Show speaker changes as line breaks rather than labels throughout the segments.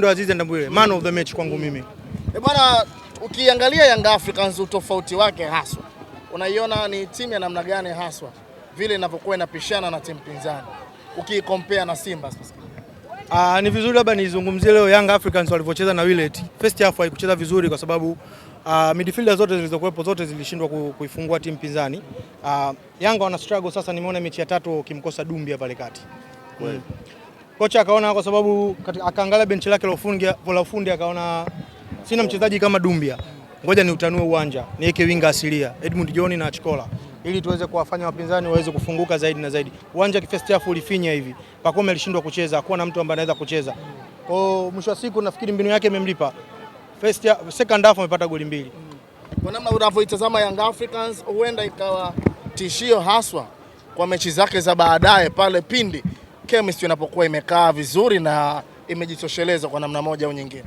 ndo Azizi Ndambwile, man of the match kwangu mimi.
E bwana, ukiangalia Young Africans utofauti wake haswa unaiona ni timu ya namna gani haswa vile inavyokuwa inapishana na timu pinzani ukikompea na Simba sasa?
Aa, ah, ni vizuri labda nizungumzie leo Young Africans walivyocheza na Willet. First half haikucheza vizuri kwa sababu uh, midfielder zote zilizokuwepo zote zilishindwa kuifungua timu pinzani. Uh, Yanga wana struggle sasa, nimeona mechi ya tatu kimkosa Dumbia pale kati. Mm kocha akaona kwa sababu akaangalia benchi lake la ufundi la ufundi akaona sina mchezaji kama Dumbia, ngoja ni utanue uwanja niweke winga asilia Edmund John na Chikola ili tuweze kuwafanya wapinzani waweze kufunguka zaidi na zaidi. Uwanja first half ulifinya hivi, Pacome alishindwa kucheza, hakuwa na mtu ambaye anaweza kucheza. Kwa mwisho wa siku nafikiri mbinu yake imemlipa. First half, second half amepata goli mbili.
Kwa namna unavyoitazama Young Africans, huenda ikawa tishio haswa kwa mechi zake za baadaye pale pindi chemistry inapokuwa imekaa vizuri na imejitosheleza kwa namna moja au nyingine.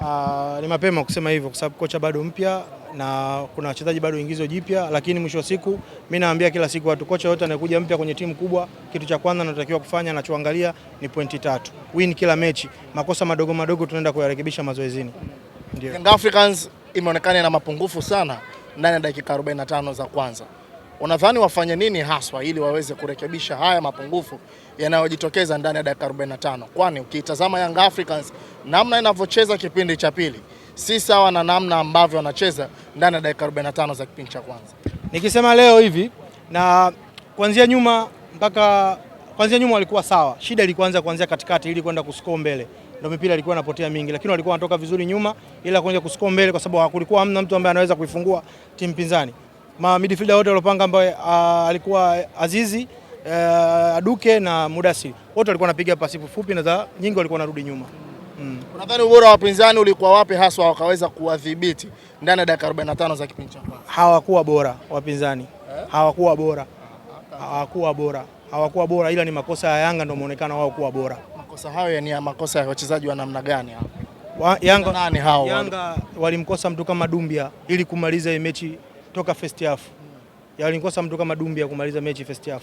Uh, ni mapema kusema hivyo kwa sababu kocha bado mpya na kuna wachezaji bado ingizo jipya, lakini mwisho wa siku mi naambia kila siku watu, kocha yote anayekuja mpya kwenye timu kubwa, kitu cha kwanza anatakiwa kufanya, anachoangalia ni pointi tatu, win kila mechi. Makosa madogo madogo tunaenda kuyarekebisha mazoezini.
Ndio Young Africans imeonekana ina mapungufu sana ndani ya dakika 45 za kwanza unadhani wafanye nini haswa ili waweze kurekebisha haya mapungufu yanayojitokeza ndani ya dakika 45? Kwani ukiitazama Young Africans namna inavyocheza kipindi cha pili si sawa na namna ambavyo wanacheza ndani ya dakika 45 za kipindi cha kwanza.
Nikisema leo hivi na kuanzia nyuma mpaka kuanzia nyuma walikuwa sawa, shida ilikuanza kuanzia katikati ili kwenda kuscore mbele ndio mipira ilikuwa inapotea mingi, lakini walikuwa wanatoka vizuri nyuma, ila kuanza kuscore mbele, kwa sababu hakulikuwa hamna mtu ambaye anaweza kuifungua timu pinzani ma midfielder wote waliopanga ambaye ah, alikuwa Azizi uh, Aduke na Mudasi wote walikuwa wanapiga pasi fupi na za nyingi walikuwa wanarudi nyuma.
Mm. Unadhani ubora wa wapinzani ulikuwa wapi haswa wakaweza kuwadhibiti ndani ya dakika 45 za kipindi cha kwanza?
Hawakuwa bora wapinzani eh? Hawakuwa bora ah, hawakuwa bora hawakuwa bora, ila ni makosa ya Yanga ndio muonekano wao kuwa bora.
Makosa hayo ni ya makosa ya wachezaji wa namna gani hapo?
Yanga, Yanga walimkosa mtu kama Dumbia ili kumaliza mechi toka first half yalikosa mtu kama Dumbi ya kumaliza mechi first half.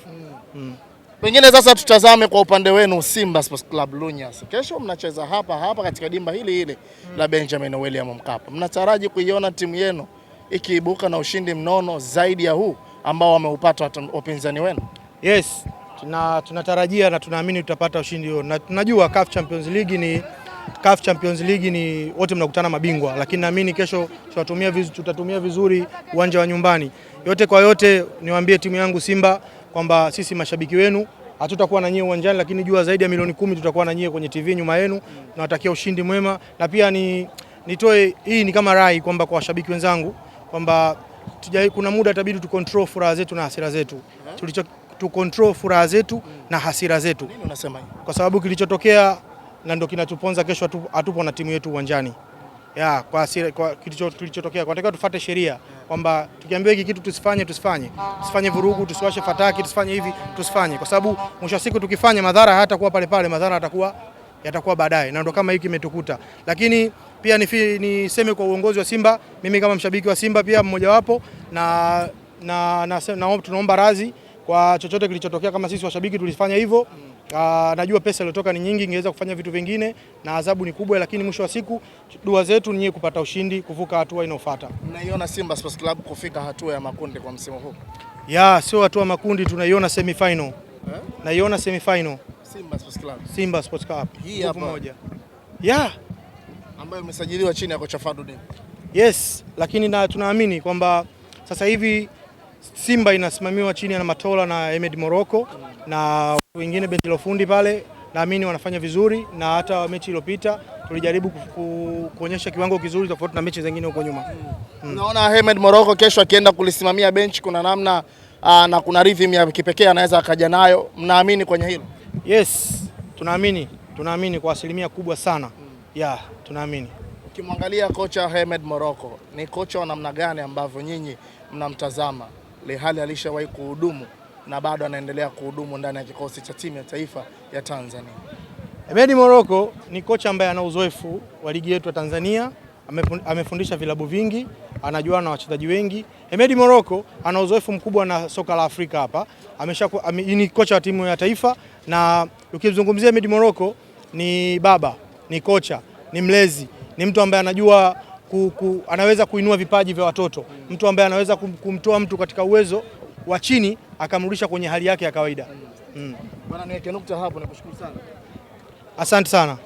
Mm.
Pengine sasa tutazame kwa upande wenu Simba Sports Club Lunyas. Kesho mnacheza hapa hapa katika dimba hili hili mm. la Benjamin William Mkapa. Mnataraji kuiona timu yenu ikiibuka na ushindi mnono zaidi ya huu ambao wameupata wapinzani wenu?
Yes, tunatarajia tuna na tunaamini tutapata ushindi huo. Na tunajua CAF Champions League ni CAF Champions League ni wote mnakutana mabingwa, lakini naamini kesho tutatumia vizuri, tutatumia vizuri uwanja wa nyumbani. Yote kwa yote, niwaambie timu yangu Simba kwamba sisi mashabiki wenu hatutakuwa na nyie uwanjani, lakini jua zaidi ya milioni kumi tutakuwa na nyie kwenye TV nyuma yenu. Nawatakia ushindi mwema, na pia ni nitoe hii ni kama rai kwamba kwa washabiki wenzangu kwamba kuna muda itabidi tu control furaha zetu na hasira zetu tulicho tu control furaha zetu na hasira zetu, kwa sababu kilichotokea na ndio kinachoponza kesho, hatupo na timu yetu uwanjani ya kwa, kwa kilichotokea kwa,
tufuate sheria kwamba tukiambiwa hiki kitu tusifanye, tusifanye,
tusifanye vurugu, tusiwashe fataki, tusifanye hivi, tusifanye, kwa sababu mwisho wa siku tukifanya
madhara hayatakuwa pale pale,
madhara yatakuwa
yatakuwa baadaye, na ndio kama hiki kimetukuta. Lakini pia niseme ni kwa uongozi
wa Simba, mimi kama mshabiki wa Simba pia mmojawapo, na, na, na, na, na tunaomba radhi kwa chochote kilichotokea, kama sisi washabiki tulifanya hivyo. Uh, najua pesa iliyotoka ni nyingi, ingeweza kufanya vitu vingine na adhabu ni kubwa, lakini mwisho wa siku dua zetu ni kupata ushindi, kuvuka hatua inayofuata.
Mnaiona Simba Sports Club kufika hatua ya makundi kwa msimu huu? Ya, sio hatua ya makundi, tunaiona semi final. Eh? Naiona semi final.
Simba Sports Club. Simba Sports Club. Hii hapa moja. Ya. Ambayo
imesajiliwa chini ya kocha Fadudin. Yes, lakini na tunaamini kwamba sasa hivi Simba inasimamiwa chini ya Matola na Ahmed Morocco na watu wengine benchi la ufundi pale, naamini
wanafanya vizuri, na hata mechi iliyopita tulijaribu kuonyesha kiwango kizuri tofauti na mechi zingine huko nyuma. Hmm. Unaona hmm. Ahmed Morocco kesho akienda kulisimamia benchi, kuna namna aa, ah, na kuna rhythm ya kipekee anaweza akaja nayo. Mnaamini kwenye hilo? Yes, tunaamini, tunaamini kwa asilimia kubwa sana hmm. Yeah, tunaamini ukimwangalia kocha Ahmed Morocco ni kocha wa namna gani ambavyo nyinyi mnamtazama? Lehali alishawahi kuhudumu na bado anaendelea kuhudumu ndani ya
kikosi cha timu ya taifa ya Tanzania.
Hemedi Moroko ni kocha ambaye ana uzoefu wa ligi yetu ya Tanzania, amefundisha vilabu vingi, anajua na wachezaji wengi. Hemedi Moroko ana uzoefu mkubwa na soka la Afrika hapa. Amesha ame, ni kocha wa timu ya taifa na ukimzungumzia Hemedi Moroko ni baba, ni kocha, ni mlezi, ni mtu ambaye anajua ku, ku, anaweza kuinua vipaji vya watoto, mtu ambaye anaweza kum, kumtoa mtu katika uwezo wa chini akamrudisha kwenye hali yake ya kawaida. Mm. Bwana, niweke nukta hapo, nakushukuru sana. Asante sana.